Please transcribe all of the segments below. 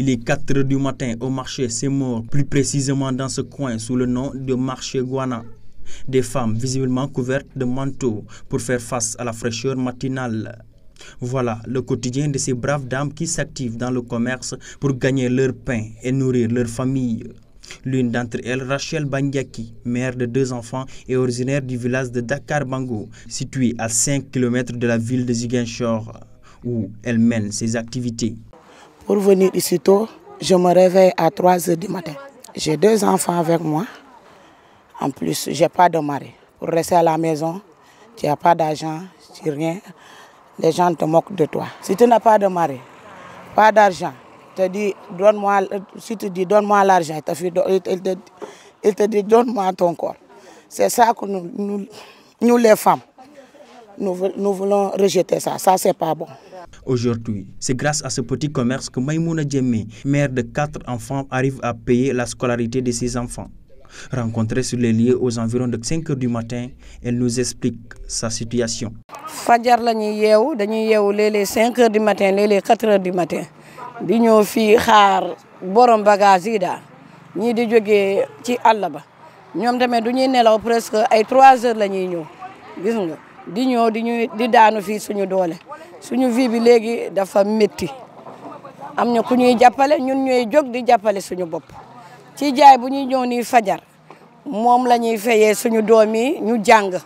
Il est 4 heures du matin au marché Seymour, plus précisément dans ce coin sous le nom de marché Guana. Des femmes visiblement couvertes de manteaux pour faire face à la fraîcheur matinale. Voilà le quotidien de ces braves dames qui s'activent dans le commerce pour gagner leur pain et nourrir leur famille. L'une d'entre elles, Rachel Banyaki, mère de deux enfants et originaire du village de Dakar Bango, situé à 5 km de la ville de Ziguinchor, où elle mène ses activités. Pour venir ici tôt, je me réveille à 3 h du matin. J'ai deux enfants avec moi. En plus, je n'ai pas de mari. Pour rester à la maison, tu n'as pas d'argent, tu n'as rien. Les gens te moquent de toi. Si tu n'as pas de mari, pas d'argent, te dis, donne-moi, si tu dis donne-moi l'argent, il te, dit donne-moi ton corps. C'est ça que nous, nous les femmes, nous, nous voulons rejeter ça. Ça, c'est pas bon. Aujourd'hui, c'est grâce à ce petit commerce que Maïmouna Djemé, mère de quatre enfants, arrive à payer la scolarité de ses enfants. Rencontrée sur les lieux aux environs de 5 heures du matin, elle nous explique sa situation. Fajar lañuy yeewu dañuy yeewu les 5 heures du matin les les 4 heures du matin di ñëw fii xaar borom bagage ni daal ñii di jógee ci àll ba ñoom presque ay 3 heures la ñuy ñëw nga. di ñëw di ñu di daanu fii suñu doole suñu vie bi léegi dafa métti am na ku ñuy jàppale ñun ñooy jóg di jàppale suñu bopp ci jaay bu ñuy ñëw nii fajar moom la ñuy fayee suñu doom yi ñu jàng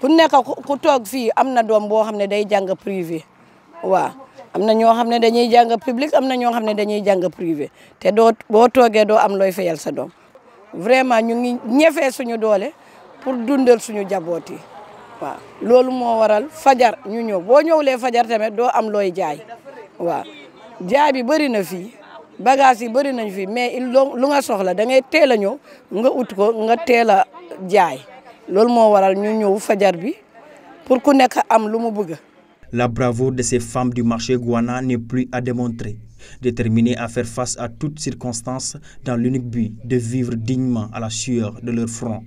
ku nekk ku toog fii am na doom boo xam ne day jàng privé waaw am na ñoo xam ne dañuy jàng public am na ñoo xam ne dañuy jàng privé te doo boo toogee doo am looy fayal sa doom vraiment ñu ngi suñu doole pour dundal suñu jaboot yi waaw loolu moo waral fajar ñu ñëw boo ñëwulee fajar tamit doo am looy jaay waaw jaay bi bëri na fii bagage yi bëri nañ fii mais lu nga soxla da ngay teel a ñëw nga ut ko nga teel a jaay loolu moo waral ñu ñëw fajar bi pour ku nekk am lu mu bëgg. La bravoure de ces femmes du marché Guana n'est plus à démontrer. déterminées à faire face à toutes circonstances dans l'unique but de vivre dignement à la sueur de leur front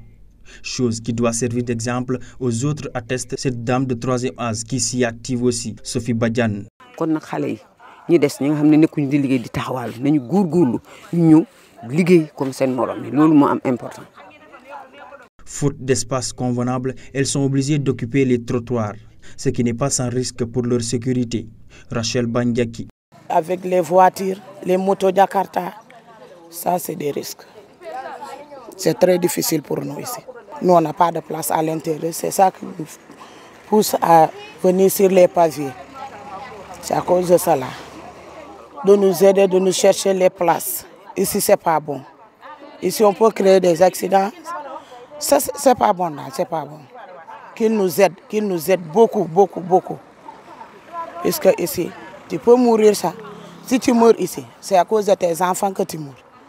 chose qui doit servir d'exemple aux autres, atteste cette dame de troisième âge qui s'y active aussi, Sophie Badiane. ñi important. faute d'espace convenable elles sont obligées d'occuper les trottoirs ce qui n'est pas sans risque pour leur sécurité Rachel Bandiaki. avec les voitures les motos Jakarta ça c'est des risques c'est très difficile pour nous ici. Nous, on n'a pas de place à l'intérieur. C'est ça qui nous pousse à venir sur les pavés. C'est à cause de cela. De nous aider, de nous chercher les places. Ici, ce n'est pas bon. Ici, on peut créer des accidents. Ce n'est pas bon, là, c'est pas bon. Qu'ils nous aident, qu'ils nous aident beaucoup, beaucoup, beaucoup. Puisque ici, tu peux mourir ça. Si tu meurs ici, c'est à cause de tes enfants que tu meurs.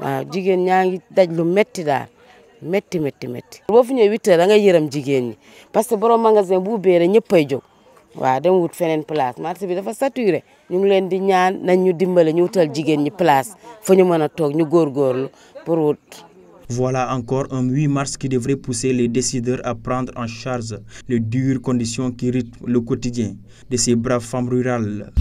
waaw jigéen ñaa daj lu metti daal metti metti metti bo fu ñëwee huit da ngay yërëm jigen ñi parce que borom magasin bu béré rek ñëppay wa dem wut fenen place marché bi dafa saturé ñu ngi leen di ñaan nañ ñu dimbale ñu wutal jigen ñi place fu ñu mën a toog gor góorgóorlu pour wut. Voilà encore un 8 mars qui devrait pousser les décideurs à prendre en charge les dures conditions qui rythment le quotidien de ces braves femmes rurales.